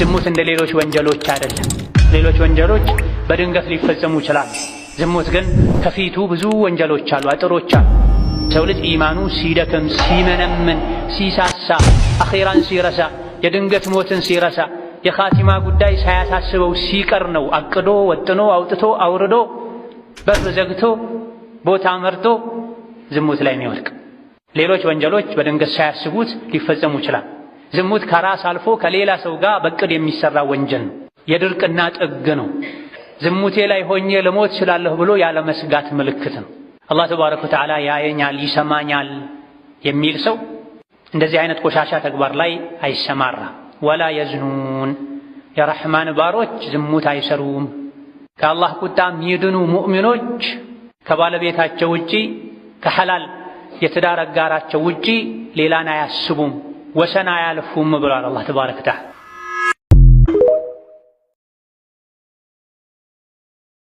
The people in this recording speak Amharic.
ዝሙት እንደ ሌሎች ወንጀሎች አይደለም። ሌሎች ወንጀሎች በድንገት ሊፈጸሙ ይችላል። ዝሙት ግን ከፊቱ ብዙ ወንጀሎች አሉ፣ አጥሮች አሉ። ሰው ልጅ ኢማኑ ሲደክም፣ ሲመነምን፣ ሲሳሳ፣ አኼራን ሲረሳ፣ የድንገት ሞትን ሲረሳ፣ የኻቲማ ጉዳይ ሳያሳስበው ሲቀር ነው አቅዶ ወጥኖ አውጥቶ አውርዶ በር ዘግቶ ቦታ መርጦ ዝሙት ላይ የሚወድቅ። ሌሎች ወንጀሎች በድንገት ሳያስቡት ሊፈጸሙ ይችላል። ዝሙት ከራስ አልፎ ከሌላ ሰው ጋር በቅድ የሚሰራ ወንጀል ነው። የድርቅና ጥግ ነው። ዝሙቴ ላይ ሆኜ ልሞት እችላለሁ ብሎ ያለ መስጋት ምልክት ነው። አላህ ተባረከ ወተዓላ ያየኛል፣ ይሰማኛል የሚል ሰው እንደዚህ አይነት ቆሻሻ ተግባር ላይ አይሰማራ። ወላ የዝኑን የረሕማን ባሮች ዝሙት አይሰሩም። ከአላህ ቁጣ ሚድኑ ሙእሚኖች ከባለቤታቸው ውጪ ከሐላል የትዳር አጋራቸው ውጪ ሌላን አያስቡም። وسنا يعلفهم مبرار الله تبارك وتعالى